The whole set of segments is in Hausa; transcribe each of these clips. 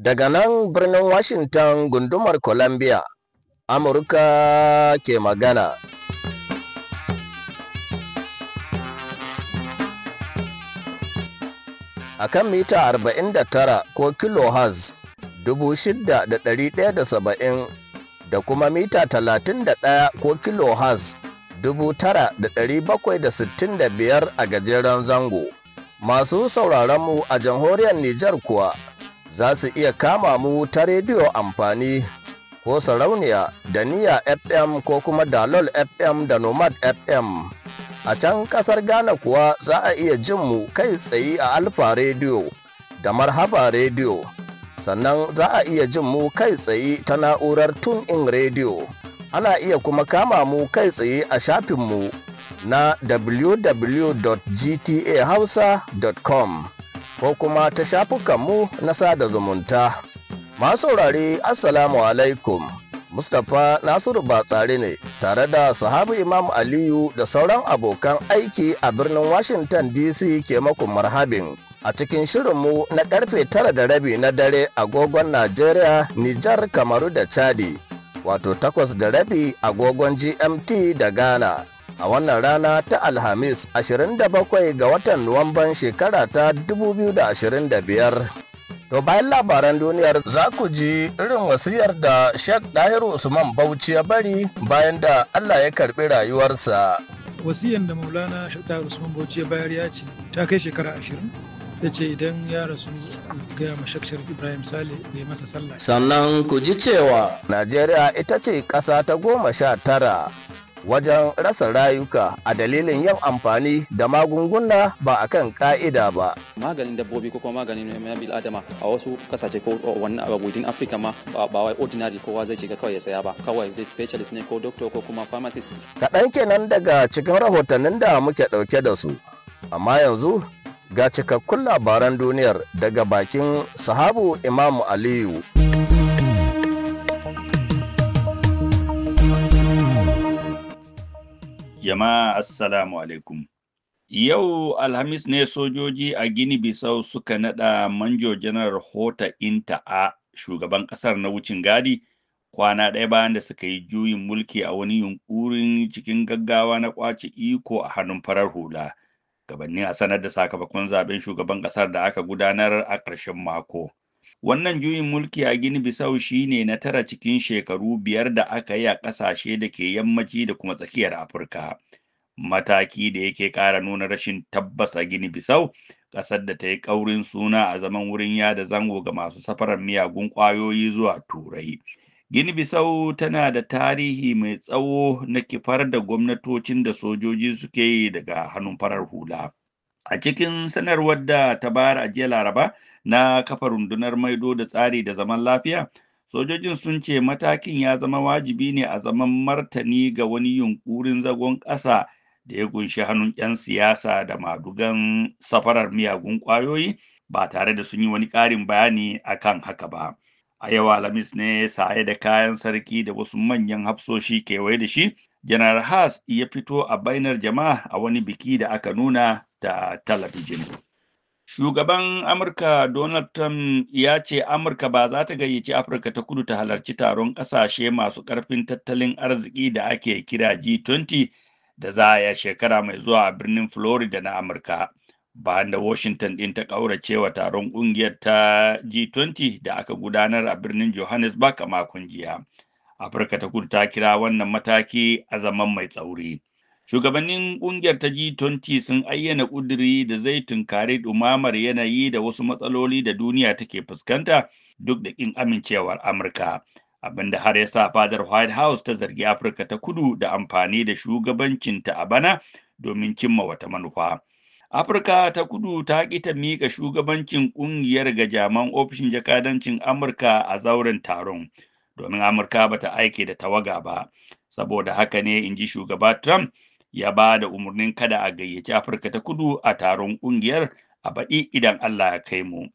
Daga nan birnin Washington gundumar Columbia, Amurka ke magana. A kan mita 49 ko kilohertz 6,170 da kuma mita 31 ko kilohertz 9,765 a gajeren zango. Masu sauraron mu a jamhuriyar Nijar kuwa za su iya kama mu ta rediyo amfani ko sarauniya da niya fm ko kuma dalol fm da nomad fm a can kasar ghana kuwa za a iya jin mu kai tsaye a alfa rediyo da marhaba rediyo sannan za a iya jin mu kai tsaye ta na'urar tun in rediyo ana iya kuma kama mu kai tsaye a shafinmu na www.gtahausa.com ko kuma ta shafukanmu na sada zumunta. Masu saurari Assalamu alaikum. Mustapha Nasiru Batsari ne tare da sahabu Imam Aliyu da sauran abokan aiki a birnin Washington DC ke makon marhabin. A cikin shirinmu na karfe tara da rabi na dare agogon Najeriya, Nijar, Kamaru da Chadi, wato takwas da rabi agogon GMT da Ghana. a wannan rana ta Alhamis 27 ga watan Nuwamban shekara ta 2025. To bayan labaran duniyar za ku ji irin wasiyar da Sheikh Dahiru Usman Bauchi ya bari bayan da Allah ya karɓi rayuwarsa. Wasiyar da Maulana Sheikh Dahiru Usman Bauchi ya bayar ya ce ta kai shekara ashirin. Ya ce idan ya rasu gaya ma shakshar Ibrahim Sale ya masa sallah. Sannan ku ji cewa Najeriya ita ce ƙasa ta goma sha tara wajen rasa rayuka a dalilin yin amfani da magunguna ba a kan ka'ida ba. Maganin dabbobi ko kuma maganin na bil adama a wasu kasashe ko wani abu within Africa ma ba wai ordinary kowa zai shiga kawai ya saya ba kawai dai specialist ne ko doctor ko kuma pharmacist. Kaɗan kenan daga cikin rahotannin da muke ɗauke da su. Amma yanzu ga cikakkun labaran duniyar daga bakin sahabu Imamu Aliyu. Jama'a Assalamu alaikum. Yau Alhamis ne sojoji a Gini Bisau suka nada manjo janar Hota Inta a shugaban kasar na wucin gadi kwana ɗaya bayan da suka yi juyin mulki a wani yunkurin cikin gaggawa na kwace iko a hannun farar hula. Gabanni a sanar da sakamakon zaben shugaban kasar da aka gudanar a ƙarshen mako. Wannan juyin mulki a Gini Bisau shi ne na tara cikin shekaru biyar da aka yi a ƙasashe da ke yammaci da kuma tsakiyar Afirka. Mataki da yake ƙara nuna rashin tabbas a Gini Bisau, ƙasar da ta yi ƙaurin suna a zaman wurin yada zango ga masu safarar miyagun ƙwayoyi zuwa Turai. Gini Bisau tana da tarihi mai tsawo na kifar da gwamnatocin da sojoji suke yi daga hannun farar hula. a cikin sanarwar da ta bayar a jiya laraba na kafa rundunar maido da tsari da zaman lafiya sojojin sun ce matakin ya zama wajibi ne a zaman martani ga wani yunkurin zagon ƙasa da ya gunshi hannun 'yan siyasa da madugan safarar miyagun ƙwayoyi ba tare da sun yi wani ƙarin bayani a kan haka ba a yau alhamis ne saye da kayan sarki da wasu manyan hafsoshi kewaye da shi janar haas ya fito a bainar jama'a a wani biki da aka nuna da talabijin shugaban amurka donald trump ya ce amurka ba za ta gayyaci afirka ta kudu ta halarci taron ƙasashe masu ƙarfin tattalin arziki da ake kira g20 da za a shekara mai zuwa a birnin florida na amurka bayan da washington din ta ƙauracewa taron ƙungiyar ta g20 da aka gudanar a birnin johannesburg a makon jiya afirka ta kudu ta kira wannan mataki a zaman mai tsauri Shugabannin ƙungiyar ta G20 sun ayyana ƙuduri da zai tunkari ɗumamar yanayi da wasu matsaloli da duniya take fuskanta duk da ƙin amincewar Amurka. Abinda har ya sa fadar White House ta zargi Afirka ta kudu da amfani da shugabancinta a bana domin cimma wata manufa. Afirka ta kudu ta ƙi ta miƙa shugabancin ƙungiyar ga jaman ofishin jakadancin Amurka a zauren taron, domin Amurka bata aike da tawaga ba. Saboda haka ne, in ji shugaba Trump, ya ba da umarnin kada a gayyaci afirka ta kudu a taron ƙungiyar a baɗi idan allah ya kai mu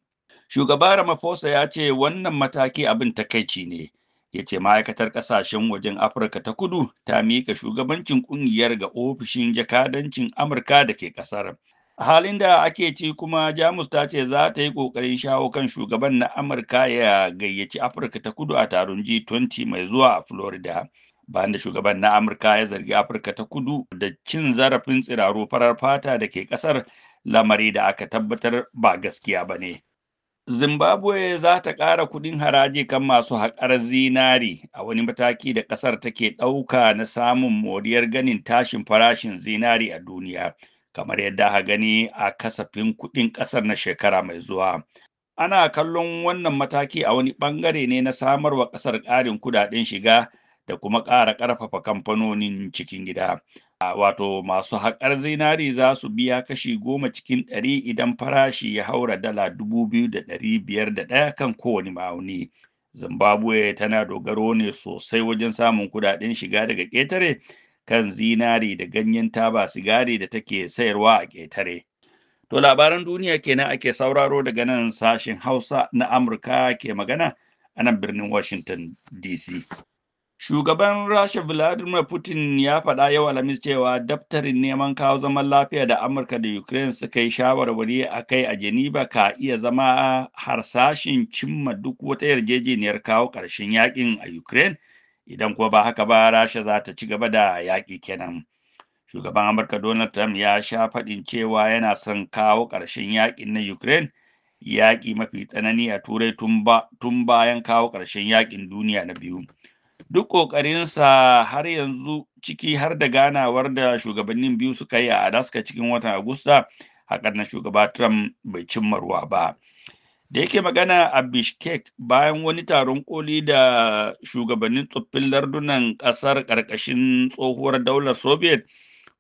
shugaba ramaphosa ya ce wannan mataki abin takaici ne ya ce ma'aikatar ƙasashen wajen afirka ta kudu ta miƙa shugabancin ƙungiyar ga ofishin jakadancin amurka da ke ƙasar a halin da ake ci kuma jamus ta ce za ta yi ƙoƙarin shawo kan shugaban na amurka ya gayyaci afirka ta kudu a taron g20 mai zuwa a florida bayan da shugaban na amurka ya zargi afirka ta kudu da cin zarafin tsiraro farar fata da ke kasar lamari da aka tabbatar ba gaskiya ba ne zimbabwe za ta ƙara kudin haraji kan masu haƙar zinari a wani mataki da ƙasar take ɗauka na samun moriyar ganin tashin farashin zinari a duniya kamar yadda aka gani a kasafin kudin ƙasar na shekara mai zuwa ana kallon wannan mataki a wani ɓangare ne na samarwa ƙasar ƙarin kudaden shiga da kuma ƙara ƙarfafa kamfanonin cikin gida. Wato masu haƙar zinari za su biya kashi goma cikin ɗari idan farashi ya haura dala dubu biyu da ɗari biyar da ɗaya kan kowane ma'auni. Zimbabwe tana dogaro ne sosai wajen samun kuɗaɗen shiga daga ƙetare kan zinari da ganyen taba sigari da take sayarwa a ƙetare. To labaran duniya kenan ake sauraro daga nan sashen Hausa na Amurka ke magana a nan birnin Washington DC. Shugaban Rasha Vladimir Putin ya faɗa yau Alhamis cewa daftarin neman kawo zaman lafiya da Amurka da Ukraine suka yi shawarwari a kai a Geneva ka iya zama harsashin cimma duk wata yarjejeniyar kawo ƙarshen yakin a Ukraine idan kuwa ba haka ba Rasha za ta ci gaba da yaƙi kenan. Shugaban Amurka Donald Trump ya sha faɗin cewa yana son kawo ƙarshen yakin na Ukraine yaƙi mafi tsanani a Turai tun bayan kawo ƙarshen yakin duniya na biyu. duk ƙoƙarinsa har yanzu ciki har da ganawar da shugabannin biyu suka yi a Alaska cikin watan Agusta hakan na shugaba Trump bai ruwa ba. Da yake magana a Bishkek bayan wani taron koli da shugabannin tsoffin lardunan ƙasar ƙarƙashin tsohuwar daular Soviet,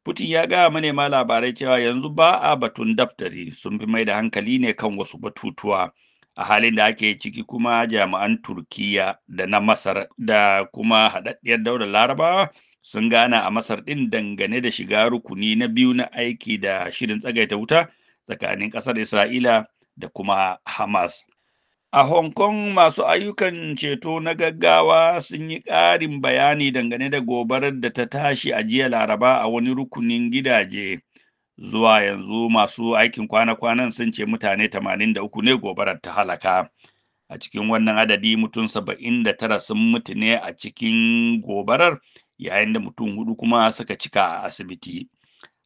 Putin ya gaya manema labarai cewa yanzu ba a batun daftari sun fi mai da hankali ne kan wasu batutuwa. a halin da ake ciki kuma jami'an turkiya da na masar da kuma haɗaɗɗiyar daular larabawa sun gana a masar ɗin dangane da shiga rukuni na biyu na aiki da shirin tsagaita wuta tsakanin ƙasar isra'ila da kuma hamas a hong kong masu ayyukan ceto na gaggawa sun yi ƙarin bayani dangane da gobarar da ta tashi a jiya laraba a wani rukunin gidaje zuwa yanzu masu aikin kwana-kwanan sun ce mutane 83 ne gobarar ta halaka a cikin wannan adadi mutum 79 sun mutu ne a cikin gobarar yayin da mutum hudu kuma suka cika a asibiti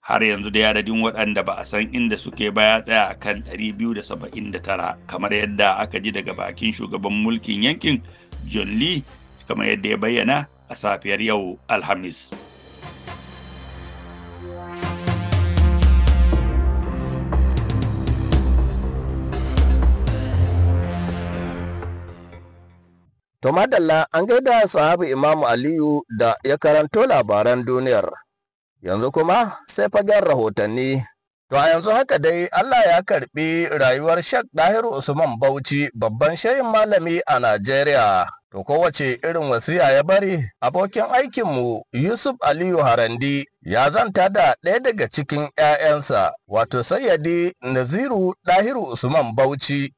har yanzu da adadin waɗanda ba a san inda suke baya ya tsaya a kan 279 kamar yadda aka ji daga bakin shugaban mulkin yankin john lee kamar yadda ya bayyana a safiyar yau alhamis. To madalla an gaida sahabu Imamu Aliyu da ya karanto labaran duniyar. Yanzu kuma sai fagen rahotanni. To a yanzu haka dai Allah ya karbi rayuwar Sheikh Dahiru Usman Bauchi babban shehin malami a Najeriya. To kowace irin wasiya ya bari abokin aikinmu Yusuf Aliyu Harandi ya zanta da ɗaya daga cikin 'ya'yansa wato sayyadi Naziru Dahiru Usman Bauchi.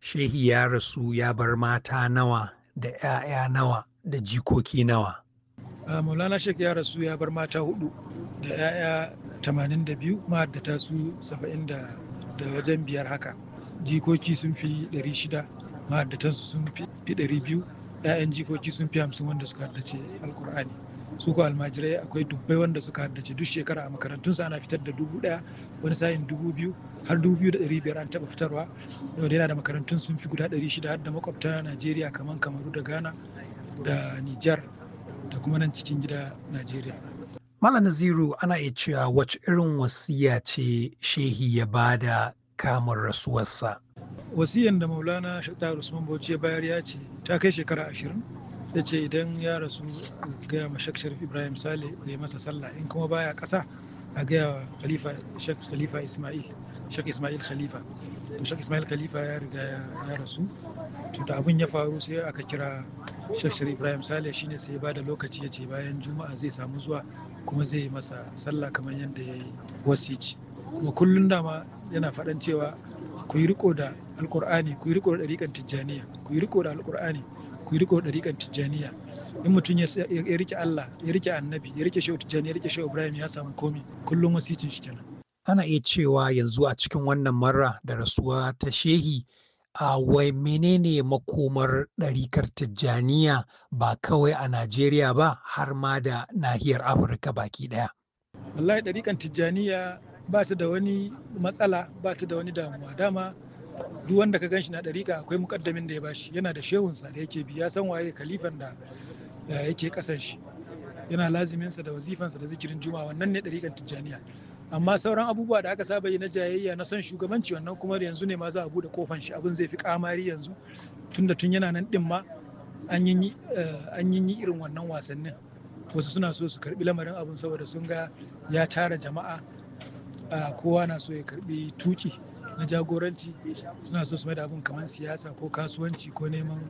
Shehi ya rasu ya bar mata nawa da 'ya'ya nawa da jikoki nawa maulana shek ya rasu ya bar mata hudu da 'ya'ya 82 ma'addata su 70 da wajen biyar haka jikoki sun fi 600 su sun fi 200 'ya'yan jikoki sun fi 50 wanda suka haddace alkur'ani su ko almajirai akwai dubbai wanda suka haddace duk shekara a makarantunsa ana fitar da dubu daya wani sa'in dubu biyu har 2,500 an taɓa fitarwa yau yana da makarantun sun fi guda 600 har da makwabta najeriya kamar kamaru da ghana da niger da kuma nan cikin gida najeriya malam naziru ana iya cewa wacce irin wasiya ce shehi ya ba da kamar rasuwarsa wasiyan da maulana shatar usman bauchi ya bayar ya ce ta kai shekara ashirin ya ce idan ya rasu gaya ma shek sharif ibrahim sale ya masa sallah in kuma baya kasa a gaya khalifa khalifa ismail Sheikh ismail khalifa to Sheikh ismail khalifa ya riga ya rasu to da abun ya faru sai aka kira shek ibrahim saleh shine sai ya bada lokaci ya ce bayan juma'a zai samu zuwa kuma zai yi masa sallah kamar yadda ya yi wasici kuma kullun dama yana faɗan cewa ku yi riko da alkur'ani ku yi riko da ɗariƙan tijjaniya ku yi riko da alkur'ani ku yi riko da ɗariƙan tijjaniya in mutum ya rike allah ya rike annabi ya rike shehu tijjani ya rike shehu ibrahim ya samu komi kullun wasicin shi kenan ana iya cewa yanzu a cikin wannan marra da rasuwa ta shehi a wai menene makomar ɗarikar tijjaniya ba kawai a najeriya ba har ma da nahiyar afirka baki ɗaya wallahi ɗarikan tijjaniya ba ta da wani matsala ba ta da wani damuwa dama duk wanda ka ganshi na ɗarika akwai mukaddamin da ya bashi yana da shehunsa da yake biya san waye kalifan da eh, yake kasan shi yana laziminsa da wazifansa da zikirin juma'a wannan ne ɗarikan tijjaniya amma sauran abubuwa da aka saba yi na jayayya na son shugabanci wannan kuma da yanzu ne ma za a bude kofan shi abin zai fi kamari yanzu tun da tun yana nan din ma eh, an yi irin wannan wasannin wasu suna so su karbi lamarin abin saboda sun ga ya tara jama'a ah, kowa na so ya karbi tuki na jagoranci suna so su mai da abin kamar siyasa ko kasuwanci ko neman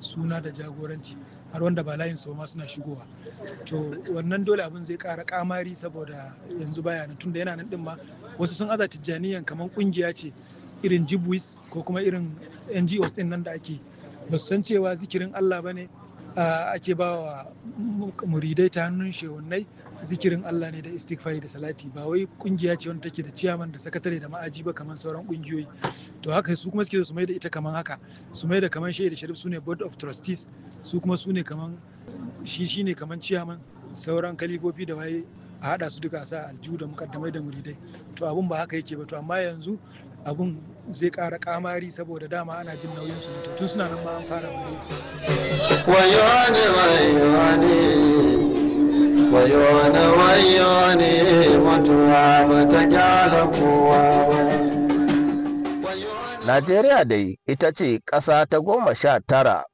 suna da jagoranci har wanda ba layin ma suna shigowa to wannan dole abin zai kara kamari saboda yanzu baya na tunda yana nan din ma wasu sun aza tijjaniyan kamar kungiya ce irin jibwis ko kuma irin ngos din nan da ake ba su san cewa zikirin allah ba ne ake ba wa muridai ta hannun shehunai zikirin Allah ne da istighfari da salati ba wai kungiya ce wanda take da ciyaman da sakatare da ma'aji ba kamar sauran kungiyoyi to haka su kuma suke su mai da ita kamar haka su mai da kamar shaida sharif sune board of trustees su kuma sune kamar shi shine kamar ciyaman sauran kalifofi da waye a haɗa su duka a sa aljihu da mukaddamai da muridai to abun ba haka yake ba to amma yanzu abun zai ƙara kamari saboda dama ana jin nauyin su ne to tun suna nan ma an fara bare. Najeriya dai ita ce ƙasa ta goma sha tara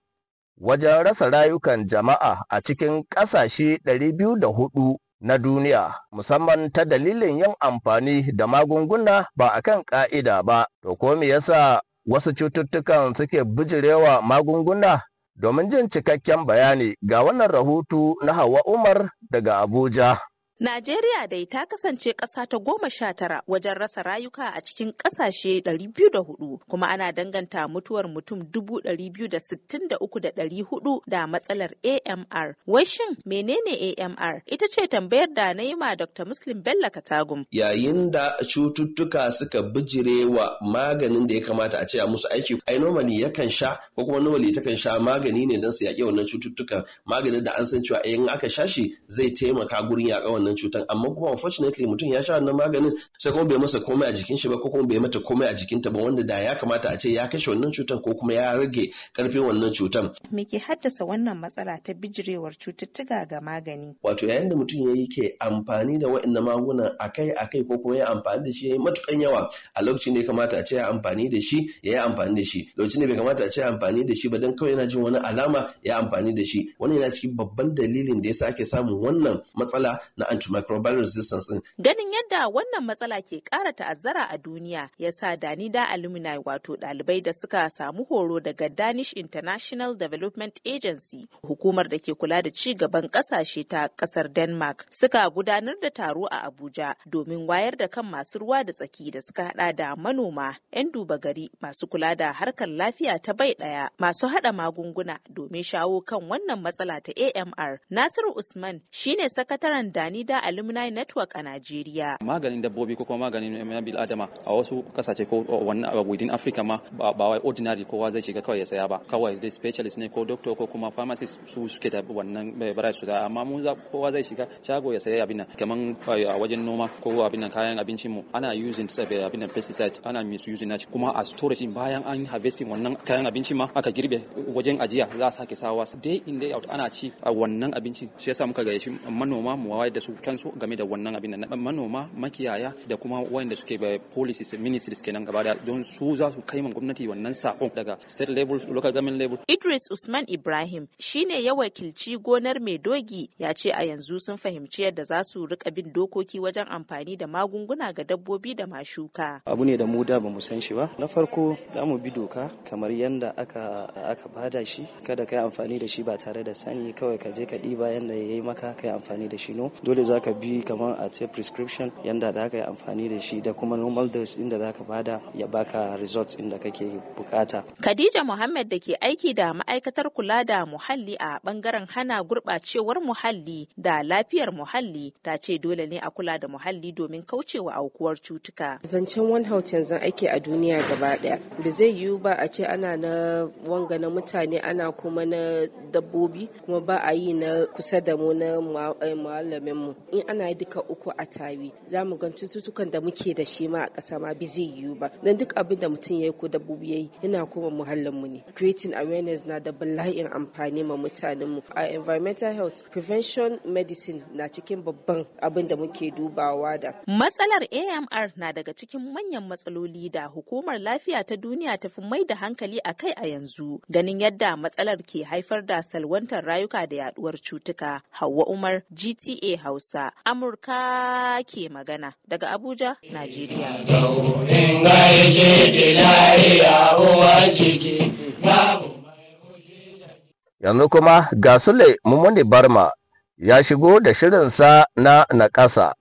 wajen rasa rayukan jama'a a cikin ƙasashe 204 na duniya musamman ta dalilin yin amfani da magunguna ba a kan ƙa'ida ba to ko me yasa wasu cututtukan suke bijirewa magunguna Domin jin cikakken bayani ga wannan rahoto na Hawa Umar daga Abuja. Najeriya dai ta kasance ƙasa ta goma sha tara wajen rasa rayuka a cikin ƙasashe 204 kuma ana danganta mutuwar mutum 263,400 da matsalar AMR. Wai shin menene AMR? Ita ce tambayar da na yi ma Dr. Muslim Bello Katagum. Yayin da cututtuka suka bijire wa maganin da ya kamata a ce a musu aiki, ai normally yakan sha ko kuma normally takan sha magani ne don su yaƙi wannan cututtukan maganin da an san cewa in aka sha shi zai taimaka gurin yaƙa wannan cutar amma kuma unfortunately mutum ya sha wannan maganin sai kuma bai masa komai a jikin shi ba ko kuma bai mata komai a jikin ta ba wanda da ya kamata a ce ya kashe wannan cutan ko kuma ya rage karfin wannan cutan me ke haddasa wannan matsala ta bijirewar cututtuka ga magani wato yayin da mutum ya yayi ke amfani da wa'in magunan akai akai ko kuma ya amfani da shi yi matukan yawa a lokacin da ya kamata a ce ya amfani da shi ya yi amfani da shi lokacin da bai kamata a ce ya amfani da shi ba dan kawai yana jin wani alama ya amfani da shi wannan yana cikin babban dalilin da yasa ake samun wannan matsala na antimicrobial resistance din. Ganin yadda wannan matsala ke ƙara ta'azzara a duniya ya sa Danida Alumni wato ɗalibai da suka samu horo daga Danish International Development Agency hukumar da ke kula da ci gaban ƙasashe ta ƙasar Denmark suka gudanar da taro a Abuja domin wayar da kan masu ruwa da tsaki da suka haɗa da manoma, 'yan duba gari masu kula da harkar lafiya ta bai ɗaya masu haɗa magunguna domin shawo kan wannan matsala ta AMR. Nasiru Usman shine sakataren Dani Farida Alumni Network a Najeriya. Maganin dabbobi ko kuma maganin bil adama a wasu kasashe ko wannan within Africa ma ba wai ordinary kowa zai shiga kawai ya saya ba. Kawai dai specialist ne ko doctor ko kuma pharmacist su suke da wannan barai eh, su amma mu kowa zai shiga shago ya saya abin nan kaman eh, a wajen noma ko abin nan kayan abincin mu ana using eh, abin nan pesticide ana misusing na kuma a storage bayan an harvesting wannan kayan abincin ma aka girbe wajen ajiya za a sake sawa day in day out ana ci a wannan abincin shi yasa muka ga shi manoma mu wayar da su kansu game da wannan abin na manoma makiyaya da kuma wayanda suke ba policies ministries kenan gaba da don su za su kai gwamnati wannan sakon daga state level local government level Idris Usman Ibrahim shine ya wakilci gonar mai dogi ya ce a yanzu sun fahimci yadda za su rika bin dokoki wajen amfani da magunguna ga dabbobi da mashuka abu ne da mu da bamu san shi ba na farko za mu bi doka kamar yadda aka aka bada shi kada kai amfani da shi ba tare da sani kawai ka je ka diba yanda ya maka kai amfani da shi no dole za zaka bi kamar a ce prescription yanda da ka yi amfani da shi da kuma normal dose inda zaka bada ya baka results inda kake bukata. Khadija Muhammad da ke aiki da ma'aikatar kula da muhalli a bangaren hana gurbacewar muhalli da lafiyar muhalli ta ce dole ne a kula da muhalli domin kaucewa aukuwar cutuka. Zancen One Health yanzu ake a duniya gaba daya. Ba zai yiwu ba a ce ana na wanga na mutane ana kuma na dabbobi kuma ba a yi na kusa da mu na eh, muallamin mu in ana duka uku a tawi za mu gan cututtukan da muke da shi ma a ƙasa ma bi zai yiwu ba don duk abin da mutum ya yi ko dabbobi ya yi yana kuma muhallin mu ne creating awareness na da bala'in amfani ma mutanen mu a environmental health prevention medicine na cikin babban abin da muke dubawa da matsalar AMR na daga cikin manyan matsaloli da hukumar lafiya ta duniya ta fi mai da hankali a kai a yanzu ganin yadda matsalar ke haifar da salwantar rayuka da yaduwar cutuka Hauwa Umar GTA house Hausa, Amurka ke magana daga Abuja, Najeriya. Yanzu kuma ga Sule Mumuni Barma ya shigo da shirinsa na Naƙasa.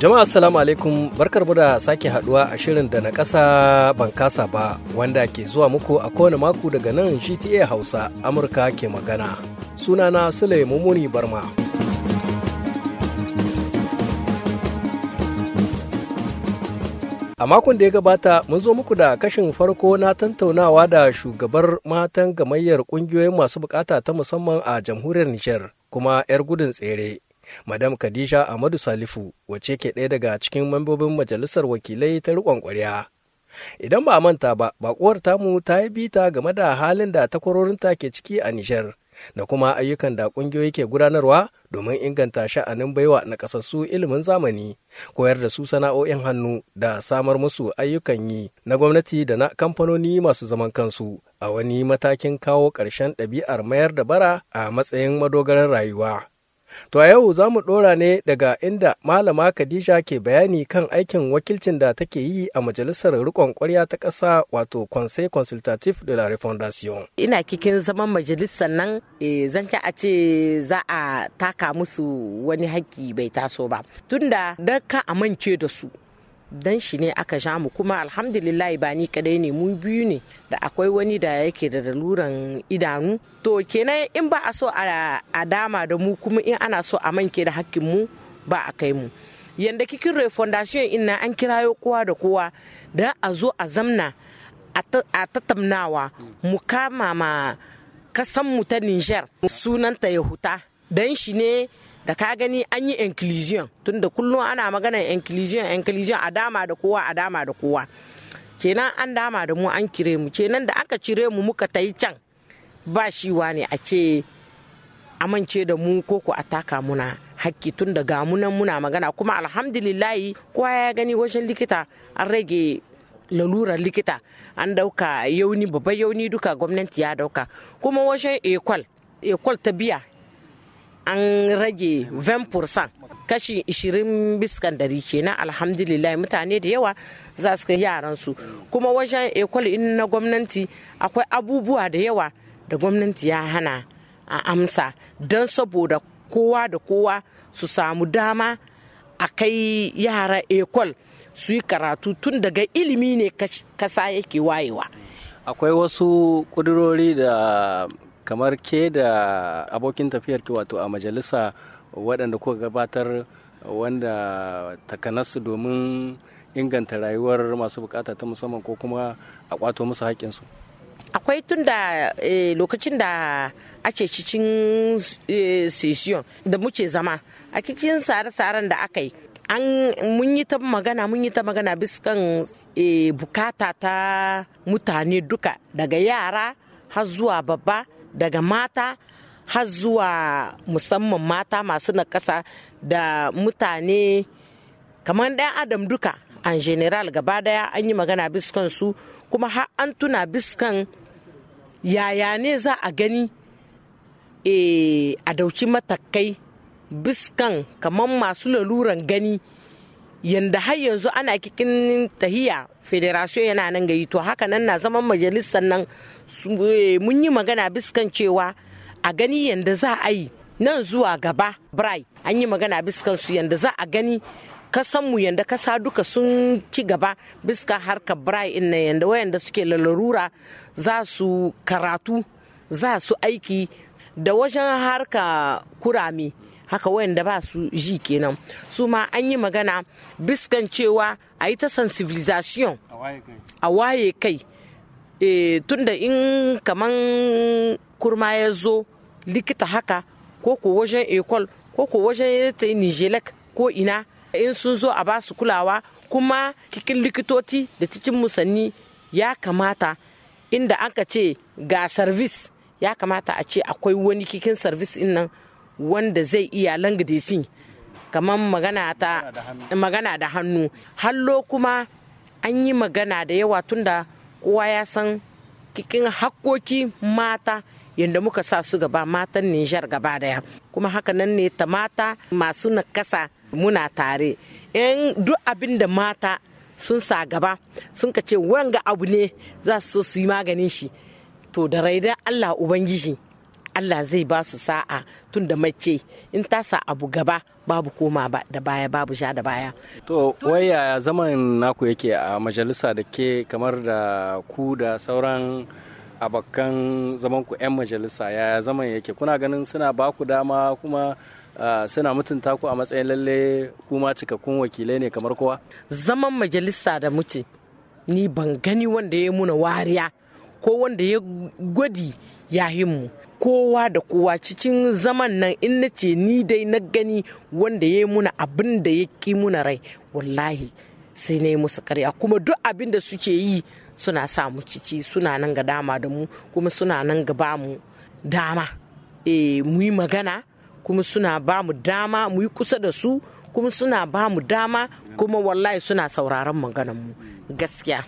Jama'a assalamu alaikum barkar da sake haduwa a shirin da na kasa ban kasa ba wanda ke zuwa muku a kowane mako daga nan GTA Hausa Amurka ke magana. Sunana Sule Mumuni Barma. A makon da ya gabata mun zo muku da kashin farko na tantaunawa da shugabar matan gamayyar kungiyoyin masu bukata ta musamman a jamhuriyar Nijar kuma 'yar gudun tsere madam khadija amadu salifu wace ke ɗaya daga cikin mambobin majalisar wakilai ta riƙon ƙwarya idan ba manta ba bakuwar tamu ta yi bita game da halin da takwarorinta ke ciki a nijar da kuma ayyukan da ƙungiyoyi ke gudanarwa domin inganta sha'anin baiwa na ƙasassu ilimin zamani koyar da su sana'o'in hannu da samar musu ayyukan yi na gwamnati da na kamfanoni masu zaman kansu a wani matakin kawo ƙarshen ɗabi'ar mayar da bara a matsayin madogaran rayuwa To a yau za mu ɗora ne daga inda Malama Khadija ke bayani kan aikin wakilcin da take yi a Majalisar Rikon Ƙwarya ta ƙasa wato Conseil Consultatif de la Refondation. Ina kikin zaman majalisar nan e, eh, zance a ce za a taka musu wani haƙƙi bai taso ba. Tunda da ka amince da su dan shi ne aka ja mu kuma alhamdulillah ba ni kadai ne mu biyu ne da akwai wani da yake da laluran idanu to kenan in ba a so a dama da mu kuma in ana so a manke da hakkin mu ba a kai mu yanda kikin in na an kirayo kowa da kowa da a zo a zamna a tatamnawa mu kama ma kasan mu ta Niger sunanta Yahuta dan shi ne da ka gani an yi inclusion da kullum ana magana inclusion inclusion a dama da kowa a dama da kowa kenan an dama da mu an kire mu kenan da aka cire mu muka ta yi can ba shi ne a ce amince da mu ko ku ataka muna hakki tun da gamunan muna magana kuma alhamdulillahi kowa ya gani wajen likita an rage lalurar likita an dauka yauni babban yauni duka gwamnati ya dauka kuma wajen ekwal ekwal ta biya an rage 20% kashi 20 biskan dari kenan alhamdulillah mutane da yawa za su kai su kuma wajen ekol in na gwamnati akwai abubuwa da yawa da gwamnati ya hana a amsa don saboda kowa da kowa su samu dama a kai yara ekol su yi karatu tun daga ilimi ne kasa yake wayewa akwai wasu kudurori da kamar ke da abokin tafiyar ki wato a majalisa waɗanda kuka gabatar wanda takanasu domin inganta rayuwar masu bukata ta musamman ko kuma a kwato musu haƙƙinsu akwai tun da eh, lokacin da ake cikin eh, session da muke zama a cikin tsare-tsaren da aka yi an mun yi ta magana mun yi ta magana biskan eh, bukata ta mutane duka daga yara har zuwa babba daga mata har zuwa musamman mata masu naƙasa da mutane kamar ɗan adam duka an general gaba daya an yi magana biskan su kuma har an tuna biskan yaya ne za a gani eh, a dauki matakai biskan kamar masu laluran gani yanda har yanzu ana kikin tahiya federation yana nan gayi to haka nan na zaman majalisar nan eh, mun yi magana biskan cewa a gani yanda za a yi nan zuwa gaba brai an yi magana biskan su yanda za a gani kasanmu yanda kasa duka sun ci gaba biska harkar brai na yanda wayanda suke lalarura za su karatu za su aiki da wajen harka kurame haka wayanda ba su ji kenan su ma an yi magana biskan cewa a yi ta sensibilisation a waye kai e, tunda in kaman kurma ya zo likita haka ko ko wajen ecol ko ko wajen nijelek ko ina in sun zo a ba su kulawa kuma cikin likitoci da cikin musanni ya kamata inda aka ce ga service ya kamata a ce akwai wani kikin service in nan wanda zai iya langdesi kamar magana da hannu hallo kuma an yi magana da yawa tunda kowa ya san kikin hakkoki mata yadda muka sa su gaba matan Nijar gaba daya kuma haka nan ne ta mata masu nakasa muna tare in duk abin da mata sun sa gaba sun ka ce wanga abu ne za su so su yi maganin shi to da raidan Allah Ubangiji Allah zai ba su sa'a tun da mace in ta sa abu gaba babu koma ba da baya babu sha da baya. To wai yaya zaman naku yake a majalisa da ke kamar da ku da sauran abokan zaman ku 'yan majalisa yaya zaman yake kuna ganin suna ba ku dama kuma suna mutunta ku a matsayin lalle kuma cikakkun wakilai ne kamar kowa? Zaman majalisa da muke ni ban gani wanda ya muna wariya ko wanda ya gwadi ya mu kowa da kowa cikin zaman nan in na ce ni dai na gani wanda ya yi muna abin da ya ki muna rai wallahi sai na yi musu karya kuma duk abin da suke yi suna sa mu cici suna nan ga dama da mu kuma suna nan ga ba mu dama e mu yi magana kuma suna ba mu dama mu yi kusa da su kuma suna ba mu dama kuma wallahi suna sauraron maganan mu gaskiya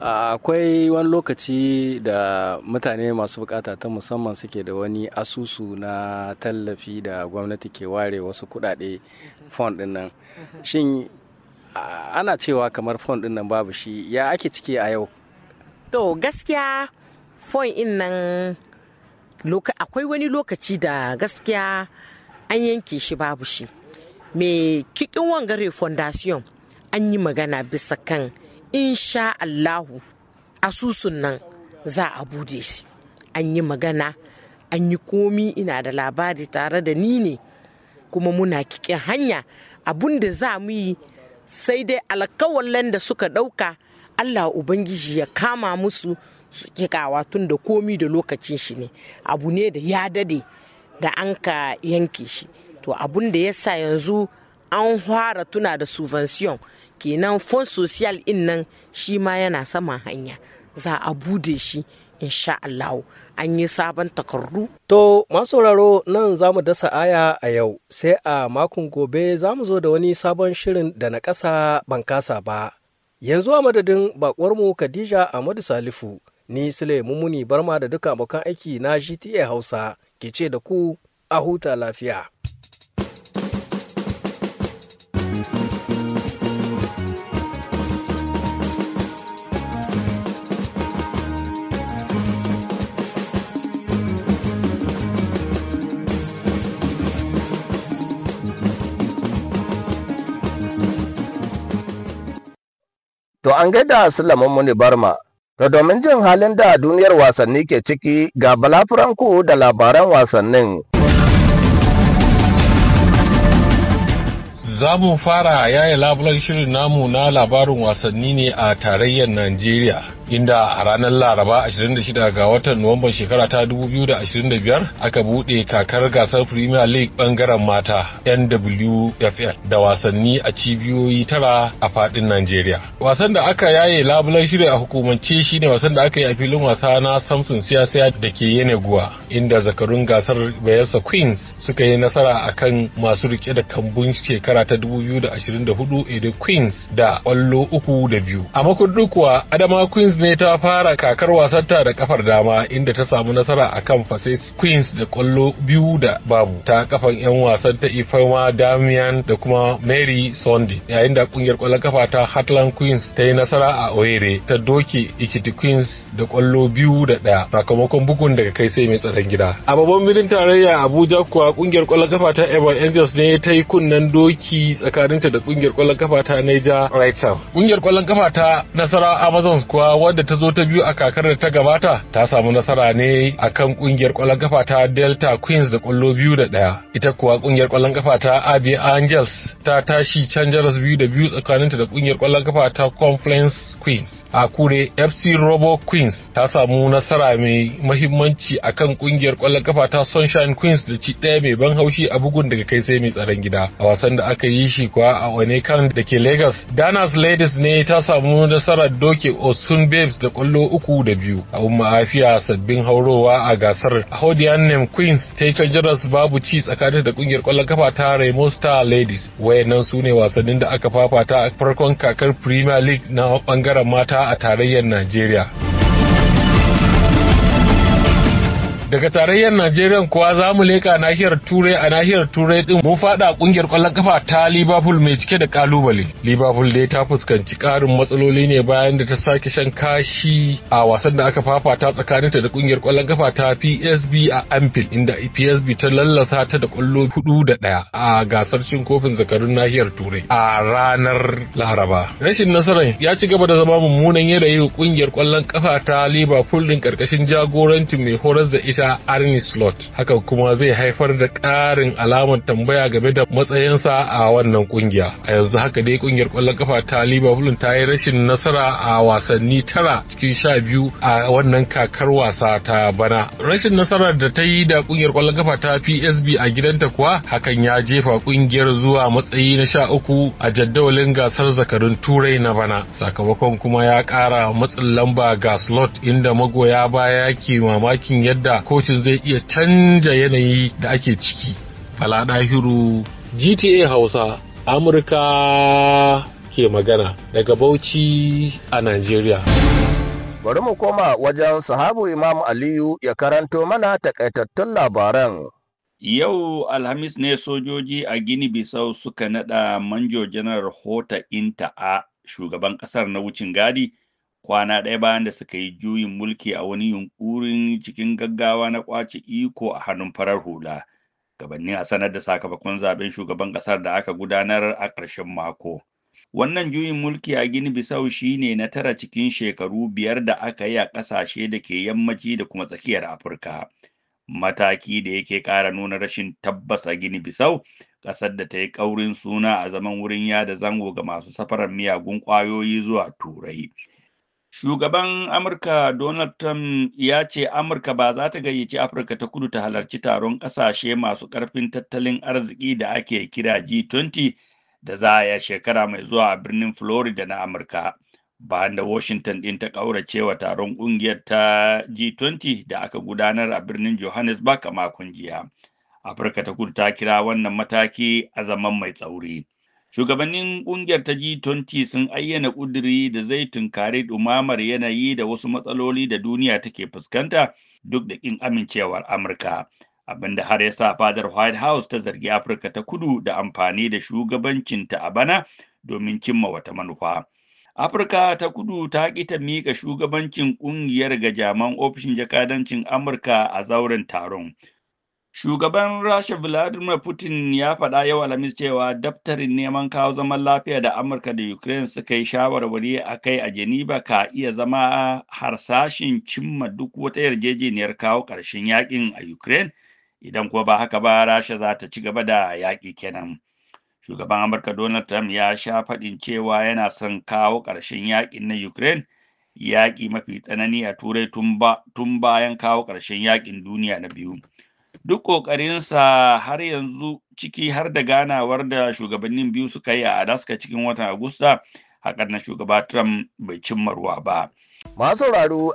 akwai wani lokaci da mutane masu bukata ta musamman suke da wani asusu na tallafi da gwamnati ke ware wasu kudade fond din nan shin ana cewa kamar fond nan babu shi ya ake ciki a yau to gaskiya fond din nan akwai wani lokaci da gaskiya an yanke shi babu shi mai kikin wangare foundation an yi magana bisa kan insha Allahu asusun nan za a bude shi an yi magana an yi komi ina da labari tare da ni ne kuma muna kikin hanya abun da za mu yi sai dai alkawalan da suka ɗauka allah ubangiji ya kama musu su kikawa tun da komi da lokacin shi ne abu ne da ya dade da an ka yanke shi to abun da ya sa yanzu an fara tuna da subvention kenan fon social in nan shi ma yana saman hanya za a bude shi insha Allah an yi sabon takardu. To masu sauraro nan za mu dasa aya a yau sai a makon gobe za mu zo da wani sabon shirin da na ƙasa ban kasa ba. Yanzu a madadin bakwarmu Khadija Ahmadu Salifu ni Sule Mumuni Barma da duka abokan aiki na GTA Hausa ke ce da ku a huta lafiya. To an gaida Sulaiman Muni Barma. To domin jin halin da duniyar wasanni ke ciki ga Bala da labaran wasannin. Za mu fara yaya labulan shirin namu na labarin wasanni ne a tarayyar Najeriya. inda a ranar laraba 26 ga watan nuwamban shekara ta 2025 aka bude kakar gasar premier league bangaren mata nwfl da wasanni a cibiyoyi tara a fadin najeriya wasan da aka yaye labulan shirya a hukumance shine wasan da aka yi a filin wasa na samson siyasa da ke yeneguwa inda zakarun gasar bayelsa queens suka yi nasara akan masu rike da kambun shekara ta 2024 edo queens da kwallo uku da biyu a makon kuwa adama queens ne ta fara kakar wasanta da kafar dama inda ta samu nasara a kan Fasis Queens da kwallo biyu da babu ta kafan 'yan wasan ta ifama Damian da kuma Mary Sunday yayin da kungiyar kwallon kafa ta Heartland Queens ta yi nasara a oere ta doke Ikiti Queens da kwallo biyu da daya sakamakon bugun daga kai sai mai tsaron gida. A babban birnin tarayya Abuja kuwa kungiyar kwallon kafa ta Ebon Angels ne ta yi kunnen doki tsakaninta da kungiyar kwallon kafa ta Niger Right Kungiyar kwallon kafa ta Nasara Amazons kuwa wadda ta zo ta biyu a kakar da ta gabata ta samu nasara ne a kan kungiyar kwallon kafa ta Delta Queens da kwallo biyu da daya Ita kuwa kungiyar kwallon kafa ta abia Angels ta tashi can jaras biyu da biyu tsakaninta da kungiyar kwallon kafa ta Confluence Queens. A kure FC Robo Queens ta samu nasara mai mahimmanci kan kungiyar kwallon kafa ta Sunshine Queens da ci ɗaya mai ban haushi a bugun daga kai sai mai tsaron gida. A wasan da aka yi shi kuwa a Onekan da ke Lagos, Danas Ladies ne ta samu nasarar doke Osunbe Braves da kullo uku da biyu. A umma afiya sabbin haurowa a gasar Hodian Nem Queens ta yi Chargers babu ci tsakanin da kungiyar kwallon kafa ta remo Star Ladies. Wayannan su ne wasannin da aka fafata a farkon kakar Premier League na bangaren mata a tarayyar Najeriya. Daga tarayyar Najeriya kuwa za mu leƙa nahiyar Turai a nahiyar Turai din mu fada kungiyar ƙwallon kafa ta Liverpool mai cike da kalubale. Liverpool dai ta fuskanci ƙarin matsaloli ne bayan da ta sake shan kashi a wasan da aka fafata tsakanin ta da kungiyar ƙwallon kafa ta PSV a Anfield inda PSV ta lallasa ta da kwallo hudu da ɗaya a gasar cin kofin zakarun nahiyar Turai a ranar Laraba. Rashin nasarar ya ci gaba da zama mummunan yanayi ga kungiyar kwallon kafa ta Liverpool din karkashin jagorancin mai horas da ita Da Arni Slot. Haka kuma zai haifar da ƙarin alamar tambaya game da matsayinsa a wannan ƙungiya A yanzu haka dai kungiyar ƙwallon kafa ta Liverpool ta yi rashin nasara a wasanni tara cikin sha biyu a wannan kakar wasa ta bana. Rashin nasarar da ta yi da ƙungiyar ƙwallon kafa ta PSB a gidanta kuwa hakan ya jefa ƙungiyar zuwa matsayi na sha uku a jaddawalin gasar zakarun turai na bana. Sakamakon kuma ya ƙara matsin lamba ga slot inda magoya baya ke mamakin yadda kocin zai iya canja yanayi da ake ciki fala ɗahiru gta hausa amurka ke magana daga bauchi a najeriya bari mu koma wajen sahabu imam aliyu ya karanto mana takaitattun labaran Yau Alhamis ne sojoji a Gini Bisau suka nada manjo janar Hota Inta a shugaban kasar na wucin gadi kwana ɗaya bayan da suka yi juyin mulki a wani yunkurin cikin gaggawa na ƙwace iko a hannun farar hula gabanni a sanar da sakamakon zaben shugaban ƙasar da aka gudanar a ƙarshen mako wannan juyin mulki a gini bisau ne na tara cikin shekaru biyar da aka yi a ƙasashe da ke yammaci da kuma tsakiyar afirka mataki da yake ƙara nuna rashin tabbas a gini bisau ƙasar da ta yi ƙaurin suna a zaman wurin yada zango ga masu safarar miyagun ƙwayoyi zuwa turai Shugaban Amurka Donald Trump ya ce Amurka ba za ta gayyaci Afirka ta kudu ta halarci taron ƙasashe masu ƙarfin tattalin arziki da ake kira G20 da za a shekara mai zuwa a birnin Florida na Amurka. ba da Washington ɗin ta ƙauracewa taron ƙungiyar ta G20 da aka gudanar a birnin Johannesburg a makon jiya. Afirka ta kudu ta kira wannan mataki a zaman mai tsauri. Shugabannin ƙungiyar ta G20 sun ayyana ƙuduri da zai tunkari ɗumamar yanayi da wasu matsaloli da duniya take fuskanta duk da ƙin amincewar Amurka. Abinda har ya sa fadar White House ta zargi Afirka ta kudu da amfani da shugabancinta a bana domin cimma wata manufa. Afirka ta kudu ta ƙi ta miƙa shugabancin ƙungiyar gajaman ofishin jakadancin Amurka a zauren taron. Shugaban Rasha Vladimir Putin ya faɗa yau Alhamis cewa daftarin neman kawo zaman lafiya da Amurka da Ukraine suka yi shawarwari a kai a Geneva ka iya zama harsashin cimma duk wata yarjejeniyar kawo ƙarshen yaƙin a Ukraine idan kuwa ba haka ba Rasha za ta ci gaba da yaƙi kenan. Shugaban Amurka Donald Trump ya sha faɗin cewa yana son kawo ƙarshen yakin na Ukraine yaƙi mafi tsanani a Turai tun bayan kawo ƙarshen yaƙin duniya na biyu. duk ƙoƙarinsa har yanzu ciki har da ganawar da shugabannin biyu suka yi a Alaska cikin watan Agusta hakan na shugaba Trump bai cimmarwa ba. Masu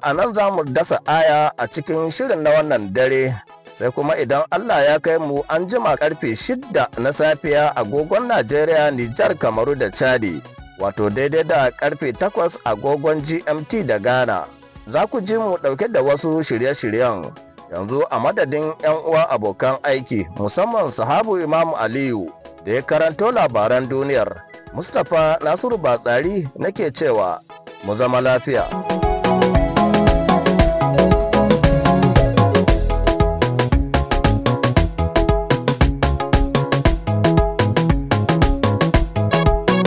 a nan za mu dasa aya a cikin shirin na wannan dare sai kuma idan Allah ya kai mu an jima karfe shidda na safiya agogon Najeriya, Nijar, Kamaru da Chadi wato daidai da karfe takwas agogon GMT da Ghana. Za ku ji mu ɗauke da wasu shirye-shiryen. yanzu a madadin 'yan uwa abokan aiki musamman sahabu imamu aliyu da ya karanto labaran duniyar mustapha nasiru batsari nake cewa mu zama lafiya.